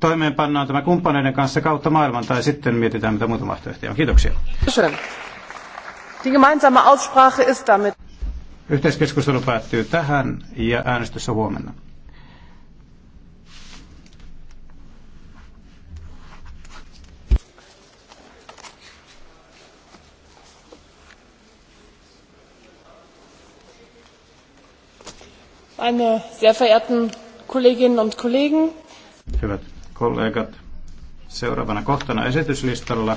toimeenpannaan tämä kumppaneiden kanssa kautta maailman tai sitten mietitään mitä muita vaihtoehtoja on. Kiitoksia. Yhteiskeskustelu päättyy tähän ja äänestys on huomenna. Meine sehr verehrten Kolleginnen und Kollegen, Hyvät kollegat, seuraavana kohtana esityslistalla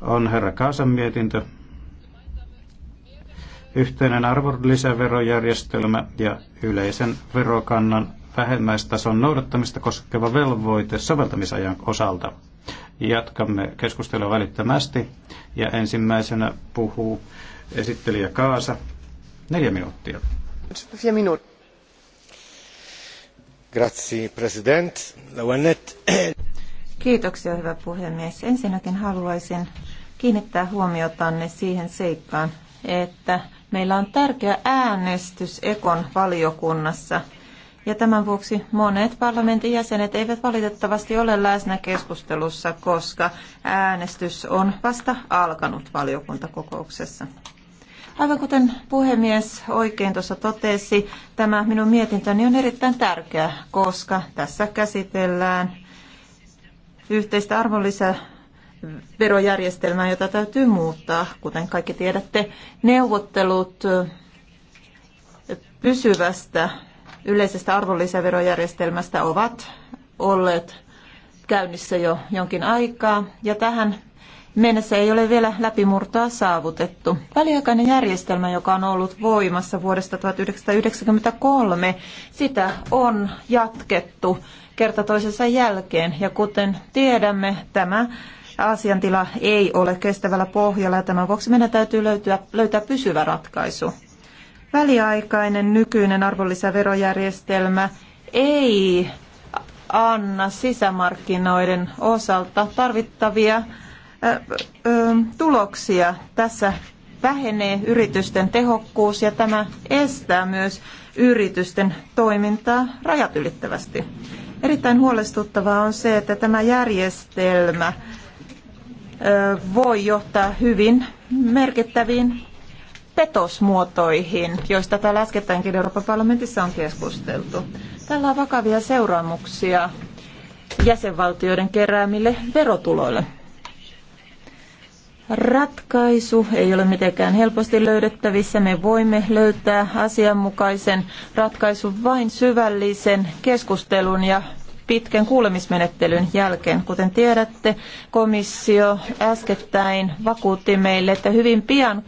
on herra Kaasan mietintö, yhteinen arvonlisäverojärjestelmä ja yleisen verokannan vähemmäistason noudattamista koskeva velvoite soveltamisajan osalta. Jatkamme keskustelua välittömästi ja ensimmäisenä puhuu esittelijä Kaasa. Neljä minuuttia. Neljä minuuttia. Kiitoksia, hyvä puhemies. Ensinnäkin haluaisin kiinnittää huomiotanne siihen seikkaan, että meillä on tärkeä äänestys Ekon valiokunnassa. Ja tämän vuoksi monet parlamentin jäsenet eivät valitettavasti ole läsnä keskustelussa, koska äänestys on vasta alkanut valiokuntakokouksessa. Aivan kuten puhemies oikein tuossa totesi, tämä minun mietintöni on erittäin tärkeä, koska tässä käsitellään yhteistä arvonlisäverojärjestelmää, jota täytyy muuttaa. Kuten kaikki tiedätte, neuvottelut pysyvästä yleisestä arvonlisäverojärjestelmästä ovat olleet käynnissä jo jonkin aikaa. Ja tähän mennessä ei ole vielä läpimurtoa saavutettu. Väliaikainen järjestelmä, joka on ollut voimassa vuodesta 1993, sitä on jatkettu kerta toisensa jälkeen. Ja kuten tiedämme, tämä asiantila ei ole kestävällä pohjalla ja tämän vuoksi meidän täytyy löytyä, löytää pysyvä ratkaisu. Väliaikainen nykyinen arvonlisäverojärjestelmä ei anna sisämarkkinoiden osalta tarvittavia tuloksia. Tässä vähenee yritysten tehokkuus ja tämä estää myös yritysten toimintaa rajat ylittävästi. Erittäin huolestuttavaa on se, että tämä järjestelmä voi johtaa hyvin merkittäviin petosmuotoihin, joista täällä äskettäinkin Euroopan parlamentissa on keskusteltu. Tällä on vakavia seuraamuksia jäsenvaltioiden keräämille verotuloille ratkaisu ei ole mitenkään helposti löydettävissä. Me voimme löytää asianmukaisen ratkaisun vain syvällisen keskustelun ja pitkän kuulemismenettelyn jälkeen. Kuten tiedätte, komissio äskettäin vakuutti meille, että hyvin pian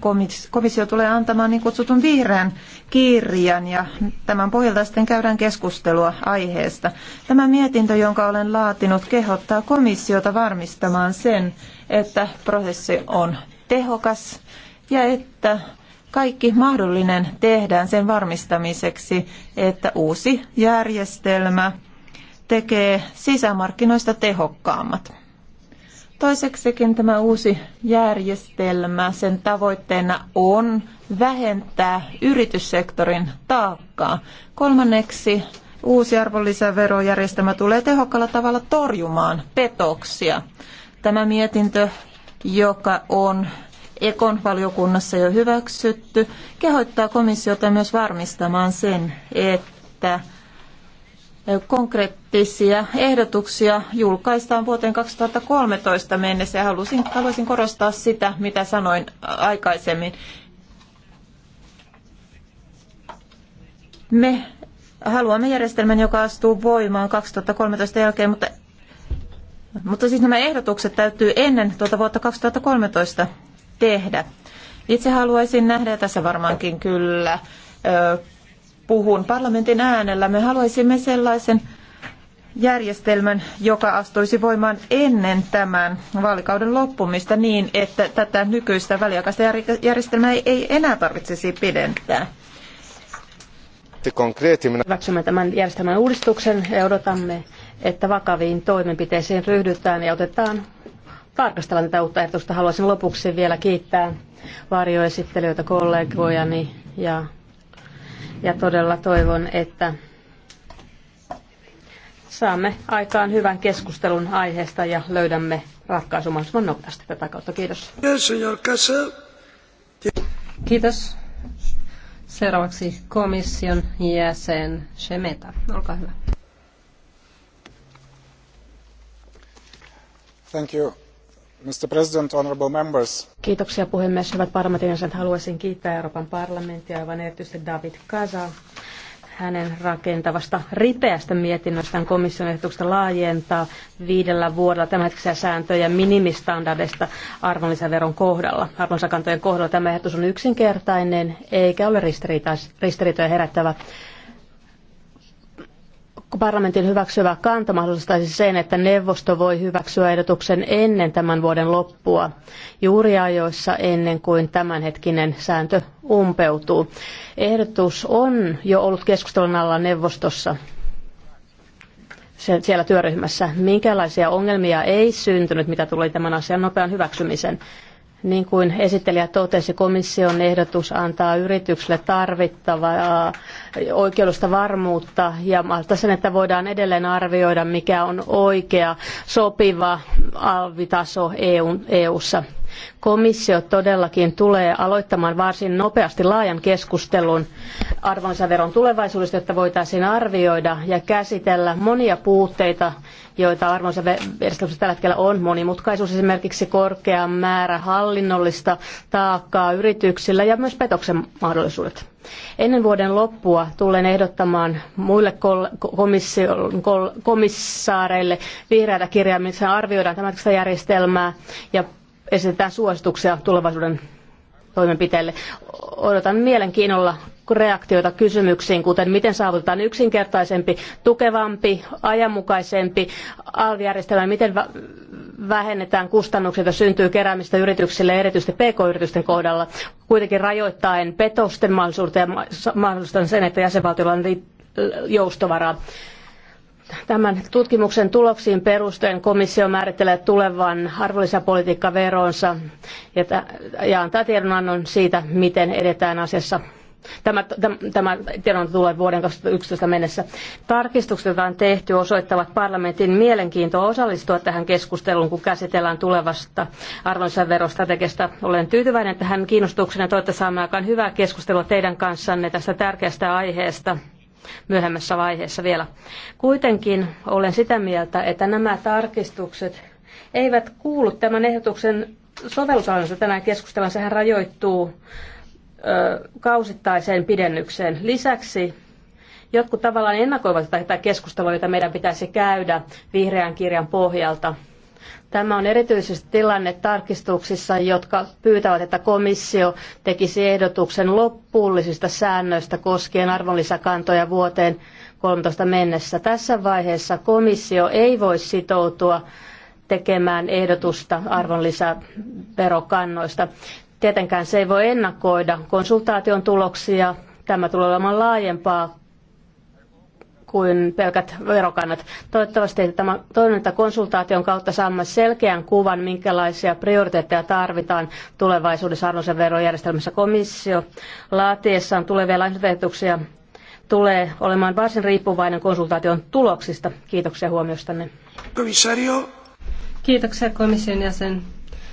komissio tulee antamaan niin kutsutun vihreän kirjan ja tämän pohjalta sitten käydään keskustelua aiheesta. Tämä mietintö, jonka olen laatinut, kehottaa komissiota varmistamaan sen, että prosessi on tehokas ja että kaikki mahdollinen tehdään sen varmistamiseksi, että uusi järjestelmä tekee sisämarkkinoista tehokkaammat. Toiseksikin tämä uusi järjestelmä, sen tavoitteena on vähentää yrityssektorin taakkaa. Kolmanneksi uusi arvonlisäverojärjestelmä tulee tehokkaalla tavalla torjumaan petoksia. Tämä mietintö, joka on Ekon valiokunnassa jo hyväksytty, kehottaa komissiota myös varmistamaan sen, että konkreettisia ehdotuksia julkaistaan vuoteen 2013 mennessä ja halusin, haluaisin korostaa sitä, mitä sanoin aikaisemmin. Me haluamme järjestelmän, joka astuu voimaan 2013 jälkeen, mutta mutta siis nämä ehdotukset täytyy ennen tuota vuotta 2013 tehdä. Itse haluaisin nähdä, ja tässä varmaankin kyllä puhun parlamentin äänellä, me haluaisimme sellaisen järjestelmän, joka astuisi voimaan ennen tämän vaalikauden loppumista niin, että tätä nykyistä väliaikaista järjestelmää ei enää tarvitsisi pidentää. Hyväksymme tämän järjestelmän uudistuksen ja odotamme, että vakaviin toimenpiteisiin ryhdytään ja otetaan tarkastellaan tätä uutta ehdotusta. Haluaisin lopuksi vielä kiittää varjoesittelijöitä, kollegojani ja, ja todella toivon, että saamme aikaan hyvän keskustelun aiheesta ja löydämme ratkaisun mahdollisimman nopeasti tätä kautta. Kiitos. Kiitos. Seuraavaksi komission jäsen Shemeta. Olkaa hyvä. Thank you. Mr. President, honorable members. Kiitoksia puhemies. Hyvät parlamentin jäsenet, haluaisin kiittää Euroopan parlamenttia, aivan erityisesti David Kazaa hänen rakentavasta ripeästä mietinnöstään komission ehdotuksesta laajentaa viidellä vuodella tämänhetkisiä sääntöjä minimistandardeista arvonlisäveron kohdalla. Arvonlisäkantojen kohdalla tämä ehdotus on yksinkertainen eikä ole ristiriitoja herättävä parlamentin hyväksyvä kanta mahdollistaisi sen, että neuvosto voi hyväksyä ehdotuksen ennen tämän vuoden loppua, juuri ajoissa ennen kuin tämänhetkinen sääntö umpeutuu. Ehdotus on jo ollut keskustelun alla neuvostossa siellä työryhmässä. Minkälaisia ongelmia ei syntynyt, mitä tuli tämän asian nopean hyväksymisen niin kuin esittelijä totesi, komission ehdotus antaa yrityksille tarvittavaa äh, oikeudellista varmuutta ja mahdollista sen, että voidaan edelleen arvioida, mikä on oikea, sopiva alvitaso EU-ssa. Komissio todellakin tulee aloittamaan varsin nopeasti laajan keskustelun arvonlisäveron tulevaisuudesta, jotta voitaisiin arvioida ja käsitellä monia puutteita, joita arvonlisäverojärjestelmässä tällä hetkellä on. Monimutkaisuus esimerkiksi korkea määrä hallinnollista taakkaa yrityksillä ja myös petoksen mahdollisuudet. Ennen vuoden loppua tulen ehdottamaan muille komissaareille vihreätä kirjaa, missä arvioidaan tämän järjestelmää ja esitetään suosituksia tulevaisuuden toimenpiteille. Odotan mielenkiinnolla reaktioita kysymyksiin, kuten miten saavutetaan yksinkertaisempi, tukevampi, ajanmukaisempi alvijärjestelmä, miten vähennetään kustannuksia, joita syntyy keräämistä yrityksille, erityisesti pk-yritysten kohdalla, kuitenkin rajoittaen petosten mahdollisuutta ja mahdollistan sen, että jäsenvaltioilla on joustovaraa. Tämän tutkimuksen tuloksiin perustuen komissio määrittelee tulevan arvonlisäpolitiikkaveronsa ja antaa tiedonannon siitä, miten edetään asiassa Tämä, tämä tiedon tulee vuoden 2011 mennessä. Tarkistukset, joita on tehty, osoittavat parlamentin mielenkiintoa osallistua tähän keskusteluun, kun käsitellään tulevasta arvonlisäverostrategiasta. Olen tyytyväinen tähän kiinnostukseen ja toivottavasti saamme aikaan hyvää keskustelua teidän kanssanne tästä tärkeästä aiheesta myöhemmässä vaiheessa vielä. Kuitenkin olen sitä mieltä, että nämä tarkistukset eivät kuulu tämän ehdotuksen sovellusalansa tänään keskustellaan. Sehän rajoittuu kausittaiseen pidennykseen. Lisäksi jotkut tavallaan ennakoivat tätä keskustelua, jota meidän pitäisi käydä vihreän kirjan pohjalta. Tämä on erityisesti tilanne tarkistuksissa, jotka pyytävät, että komissio tekisi ehdotuksen loppuullisista säännöistä koskien arvonlisäkantoja vuoteen 13 mennessä. Tässä vaiheessa komissio ei voi sitoutua tekemään ehdotusta arvonlisäverokannoista. Tietenkään se ei voi ennakoida konsultaation tuloksia. Tämä tulee olemaan laajempaa kuin pelkät verokannat. Toivottavasti tämä toiminta konsultaation kautta saamme selkeän kuvan, minkälaisia prioriteetteja tarvitaan tulevaisuudessa arvonsen verojärjestelmässä. Komissio laatiessaan tulevia lainsäädäntöehdotuksia tulee olemaan varsin riippuvainen konsultaation tuloksista. Kiitoksia huomiostanne. Komissario. Kiitoksia komission jäsen.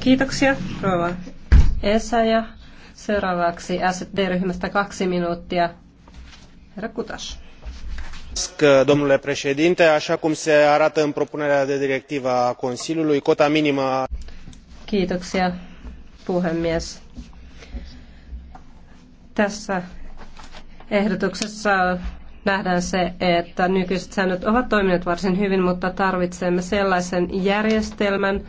Kiitoksia, rouva Esa. Ja seuraavaksi SD-ryhmästä kaksi minuuttia. Herra Kutas. Domnule președinte, așa cum se arată în propunerea de directivă a Consiliului, cota minimă... Kiitoksia, puhemies. Tässä ehdotuksessa nähdään se, että nykyiset säännöt ovat toimineet varsin hyvin, mutta tarvitsemme sellaisen järjestelmän,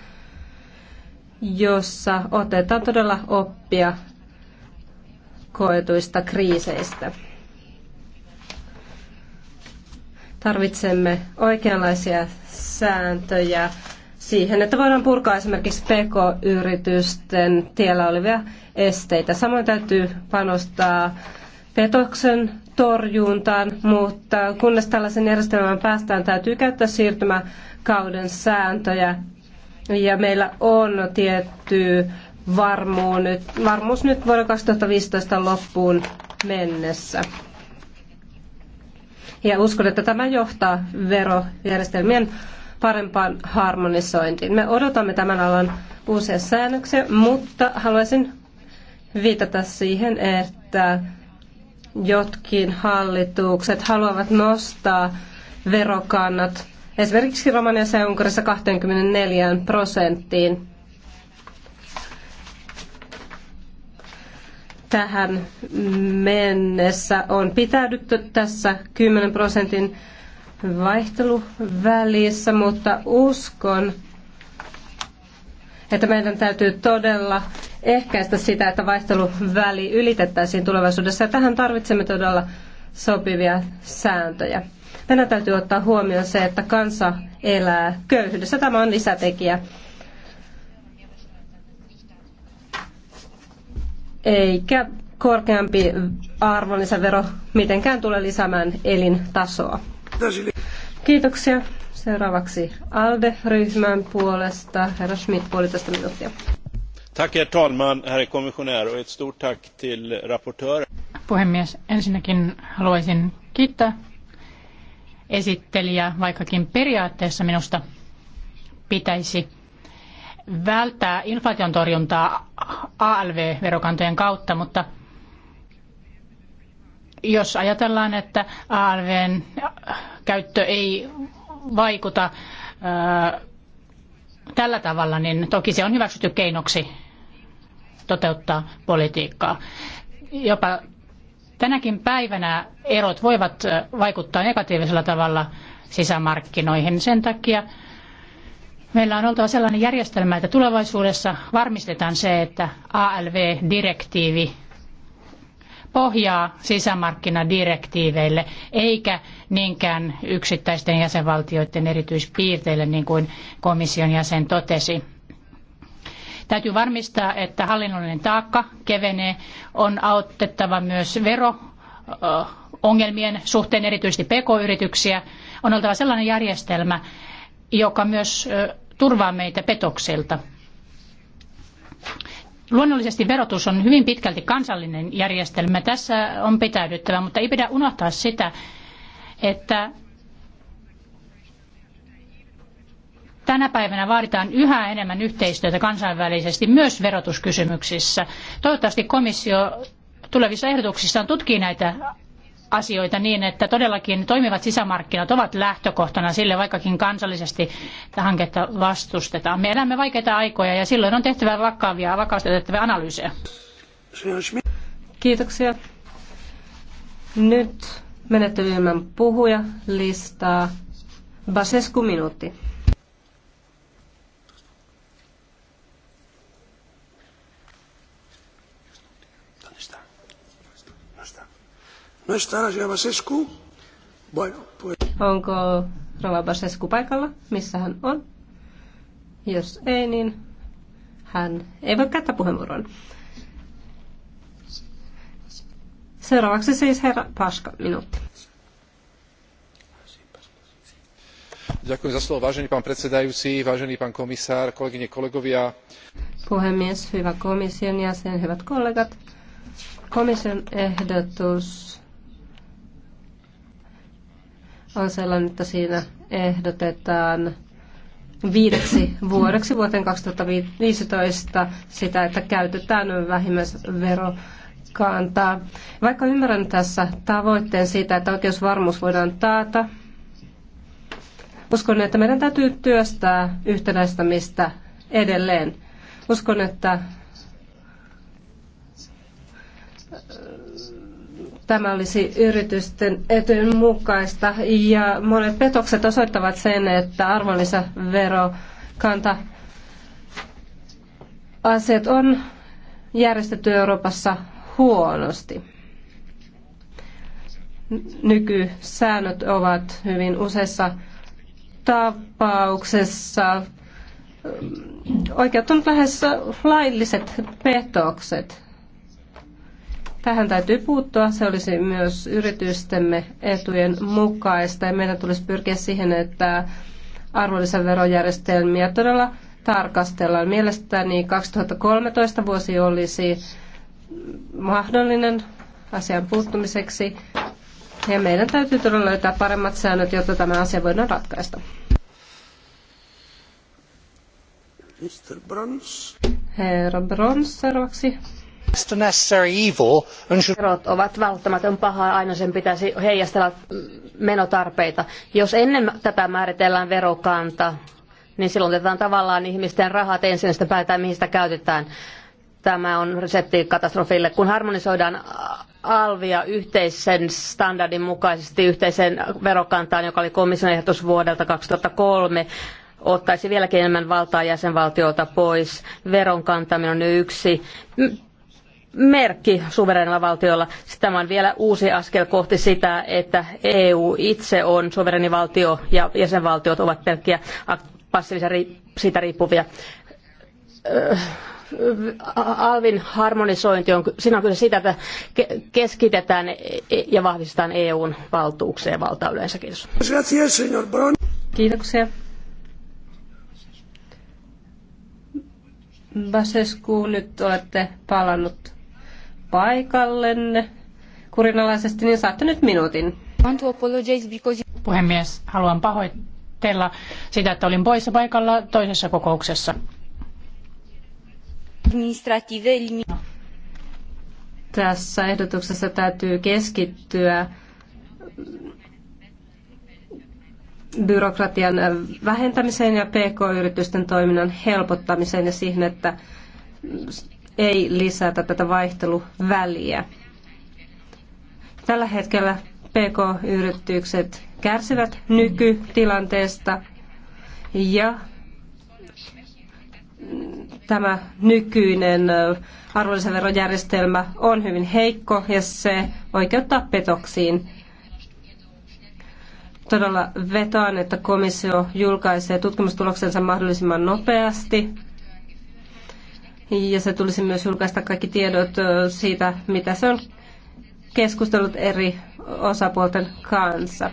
jossa otetaan todella oppia koetuista kriiseistä. Tarvitsemme oikeanlaisia sääntöjä siihen, että voidaan purkaa esimerkiksi pk-yritysten tiellä olevia esteitä. Samoin täytyy panostaa petoksen torjuntaan, mutta kunnes tällaisen järjestelmään päästään, täytyy käyttää siirtymäkauden sääntöjä. Ja meillä on tietty varmuus nyt vuoden 2015 loppuun mennessä. Ja uskon, että tämä johtaa verojärjestelmien parempaan harmonisointiin. Me odotamme tämän alan uusia säännöksiä, mutta haluaisin viitata siihen, että jotkin hallitukset haluavat nostaa verokannat esimerkiksi Romaniassa ja Unkarissa 24 prosenttiin. Tähän mennessä on pitäydytty tässä 10 prosentin vaihteluvälissä, mutta uskon, että meidän täytyy todella ehkäistä sitä, että vaihteluväli ylitettäisiin tulevaisuudessa. Ja tähän tarvitsemme todella sopivia sääntöjä. Meidän täytyy ottaa huomioon se, että kansa elää köyhyydessä. Tämä on lisätekijä. Eikä korkeampi arvonlisävero mitenkään tule lisäämään elintasoa. Kiitoksia. Seuraavaksi ALDE-ryhmän puolesta herra Schmidt puolitoista minuuttia herr talman herr kommissionär och ett stort tack till rapportören. Puhemies, ensinnäkin haluaisin kiittää esittelijää, vaikkakin periaatteessa minusta pitäisi välttää inflaation torjuntaa ALV-verokantojen kautta, mutta jos ajatellaan, että ALVn käyttö ei vaikuta tällä tavalla, niin toki se on hyväksytty keinoksi toteuttaa politiikkaa. Jopa tänäkin päivänä erot voivat vaikuttaa negatiivisella tavalla sisämarkkinoihin. Sen takia meillä on oltava sellainen järjestelmä, että tulevaisuudessa varmistetaan se, että ALV-direktiivi pohjaa sisämarkkinadirektiiveille, eikä niinkään yksittäisten jäsenvaltioiden erityispiirteille, niin kuin komission jäsen totesi. Täytyy varmistaa, että hallinnollinen taakka kevenee. On autettava myös vero ongelmien suhteen erityisesti pk-yrityksiä. On oltava sellainen järjestelmä, joka myös turvaa meitä petoksilta. Luonnollisesti verotus on hyvin pitkälti kansallinen järjestelmä. Tässä on pitäydyttävä, mutta ei pidä unohtaa sitä, että tänä päivänä vaaditaan yhä enemmän yhteistyötä kansainvälisesti myös verotuskysymyksissä. Toivottavasti komissio tulevissa ehdotuksissaan tutkii näitä asioita niin, että todellakin toimivat sisämarkkinat ovat lähtökohtana sille, vaikkakin kansallisesti hanketta vastustetaan. Me elämme vaikeita aikoja ja silloin on tehtävä vakavia, vakavasti otettavia analyysejä. Kiitoksia. Nyt menettelyymän puhuja listaa Basescu minuutti. No está la señora Basescu. Bueno, pues... Onko rouva Basescu paikalla? Missä hän on? Jos ei, niin hän ei voi käyttää puheenvuoron. Seuraavaksi siis herra Paska, minuutti. Ďakujem za slovo, vážený pán predsedajúci, vážený pán komisár, kolegyne, kolegovia. Puhemies, hyvä komission jäsen, hyvät kollegat. Komission ehdotus on sellainen, että siinä ehdotetaan viideksi vuodeksi vuoteen 2015 sitä, että käytetään vähimmäisvero kantaa. Vaikka ymmärrän tässä tavoitteen siitä, että oikeusvarmuus voidaan taata, uskon, että meidän täytyy työstää yhtenäistämistä edelleen. Uskon, että Tämä olisi yritysten etujen mukaista ja monet petokset osoittavat sen, että arvonlisäverokanta asiat on järjestetty Euroopassa huonosti. Nykysäännöt ovat hyvin useissa tapauksessa oikeutunut lähes lailliset petokset. Tähän täytyy puuttua. Se olisi myös yritystemme etujen mukaista ja meidän tulisi pyrkiä siihen, että arvonlisäverojärjestelmiä todella tarkastellaan. Mielestäni 2013 vuosi olisi mahdollinen asian puuttumiseksi ja meidän täytyy todella löytää paremmat säännöt, jotta tämä asia voidaan ratkaista. Mr. Brons. Herra Brons seuraavaksi. Verot ovat välttämätön paha, aina sen pitäisi heijastella mm, menotarpeita. Jos ennen tätä määritellään verokanta, niin silloin otetaan tavallaan ihmisten rahat ensin, sitten päätetään mihin sitä käytetään. Tämä on resepti katastrofille. Kun harmonisoidaan alvia yhteisen standardin mukaisesti yhteiseen verokantaan, joka oli komission ehdotus vuodelta 2003, ottaisi vieläkin enemmän valtaa jäsenvaltiolta pois. Veron kantaminen on yksi merkki suverenilla valtiolla. Tämä on vielä uusi askel kohti sitä, että EU itse on suvereni valtio ja jäsenvaltiot ovat pelkkiä passiivisia siitä riippuvia. Öö, Alvin harmonisointi on, siinä on kyllä sitä, että keskitetään e- ja vahvistetaan EUn valtuuksia ja valtaa yleensä. Kiitos. Kiitoksia. Basescu, nyt olette palannut paikallenne kurinalaisesti, niin saatte nyt minuutin. Puhemies, haluan pahoitella sitä, että olin poissa paikalla toisessa kokouksessa. Tässä ehdotuksessa täytyy keskittyä byrokratian vähentämiseen ja pk-yritysten toiminnan helpottamiseen ja siihen, että ei lisätä tätä vaihteluväliä. Tällä hetkellä PK-yritykset kärsivät nykytilanteesta ja tämä nykyinen arvonlisäverojärjestelmä on hyvin heikko ja se oikeuttaa petoksiin. Todella vetoan, että komissio julkaisee tutkimustuloksensa mahdollisimman nopeasti ja se tulisi myös julkaista kaikki tiedot siitä, mitä se on keskustellut eri osapuolten kanssa.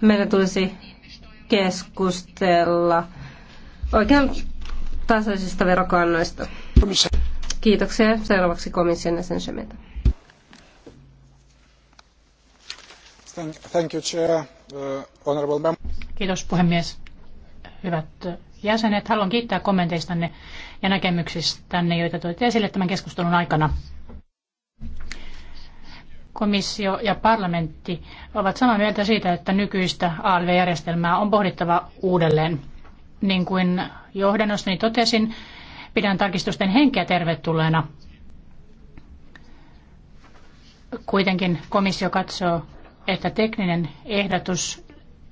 Meidän tulisi keskustella oikean tasaisista verokannoista. Kiitoksia. Seuraavaksi komission jäsen Thank you, Chair. Uh, honorable Kiitos puhemies. Hyvät jäsenet, haluan kiittää kommenteistanne ja näkemyksistänne, joita toitte esille tämän keskustelun aikana. Komissio ja parlamentti ovat samaa mieltä siitä, että nykyistä ALV-järjestelmää on pohdittava uudelleen. Niin kuin johdannossani totesin, pidän tarkistusten henkeä tervetulleena. Kuitenkin komissio katsoo, että tekninen ehdotus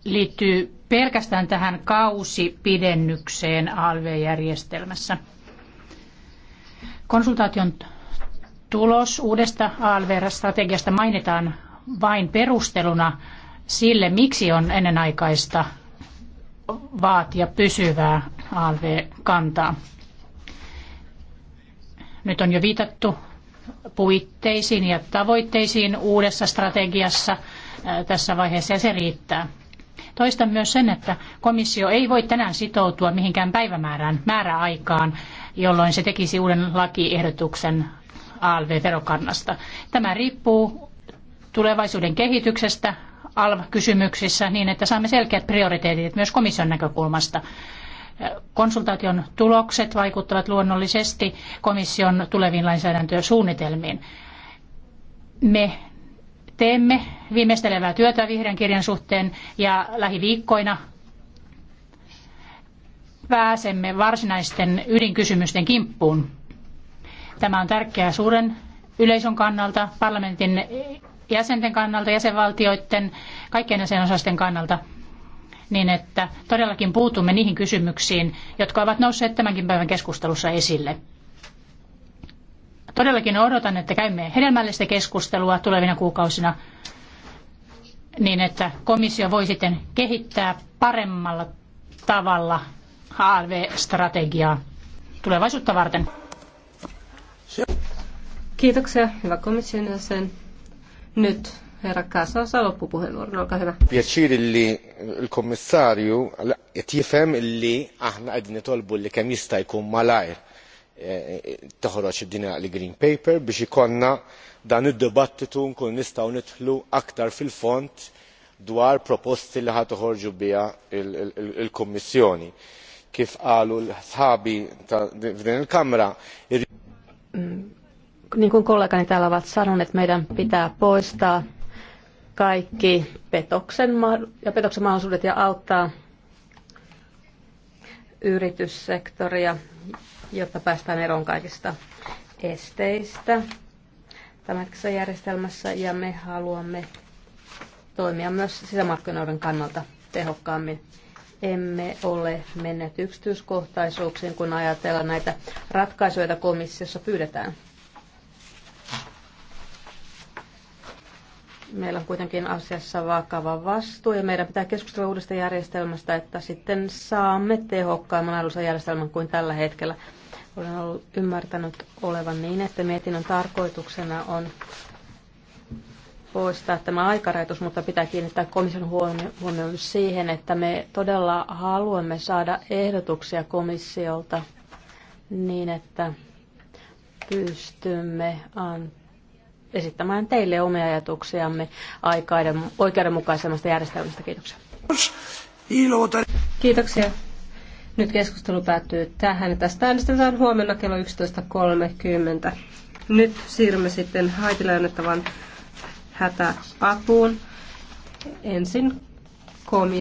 liittyy pelkästään tähän kausipidennykseen ALV-järjestelmässä. Konsultaation tulos uudesta ALV-strategiasta mainitaan vain perusteluna sille, miksi on ennenaikaista vaatia pysyvää ALV-kantaa. Nyt on jo viitattu puitteisiin ja tavoitteisiin uudessa strategiassa tässä vaiheessa ja se riittää. Toistan myös sen, että komissio ei voi tänään sitoutua mihinkään päivämäärään määräaikaan, jolloin se tekisi uuden lakiehdotuksen ALV-verokannasta. Tämä riippuu tulevaisuuden kehityksestä ALV-kysymyksissä niin, että saamme selkeät prioriteetit myös komission näkökulmasta. Konsultaation tulokset vaikuttavat luonnollisesti komission tuleviin lainsäädäntösuunnitelmiin. Me teemme viimeistelevää työtä vihreän kirjan suhteen ja lähiviikkoina pääsemme varsinaisten ydinkysymysten kimppuun. Tämä on tärkeää suuren yleisön kannalta, parlamentin jäsenten kannalta, jäsenvaltioiden, kaikkien jäsenosasten kannalta, niin että todellakin puutumme niihin kysymyksiin, jotka ovat nousseet tämänkin päivän keskustelussa esille. Todellakin odotan, että käymme hedelmällistä keskustelua tulevina kuukausina niin että komissio voi sitten kehittää paremmalla tavalla HLV-strategiaa tulevaisuutta varten. Kiitoksia, hyvä komission jäsen. Nyt herra Kaasa saa loppupuheenvuoron, olkaa hyvä. Piacere li l-kommissarju qed jifhem li aħna qegħdin nitolbu li kemm eh, eh, green paper biex ikonna dan id-dibattitu nkunu nistgħu nidħlu aktar fil-fond dwar proposti li ħadd iħorġu biha l kummissjoni. Kif qalu sħabi f'din il-Kamra mm, niin kuin kollegani täällä ovat sanoneet, meidän pitää poistaa kaikki petoksen ja petoksen mahdollisuudet ja auttaa yrityssektoria, jotta päästään eroon kaikista esteistä tämänhetkisessä järjestelmässä ja me haluamme toimia myös sisämarkkinoiden kannalta tehokkaammin. Emme ole menneet yksityiskohtaisuuksiin, kun ajatellaan näitä ratkaisuja, komissiossa pyydetään. meillä on kuitenkin asiassa vakava vastuu ja meidän pitää keskustella uudesta järjestelmästä, että sitten saamme tehokkaamman järjestelmän kuin tällä hetkellä. Olen ollut ymmärtänyt olevan niin, että mietinnön tarkoituksena on poistaa tämä aikarajoitus, mutta pitää kiinnittää komission huomioon siihen, että me todella haluamme saada ehdotuksia komissiolta niin, että pystymme esittämään teille omia ajatuksiamme aikaiden, oikeudenmukaisemmasta järjestelmästä. Kiitoksia. Kiitoksia. Nyt keskustelu päättyy tähän. Tästä äänestetään huomenna kello 11.30. Nyt siirrymme sitten Haitille annettavan hätäapuun. Ensin komi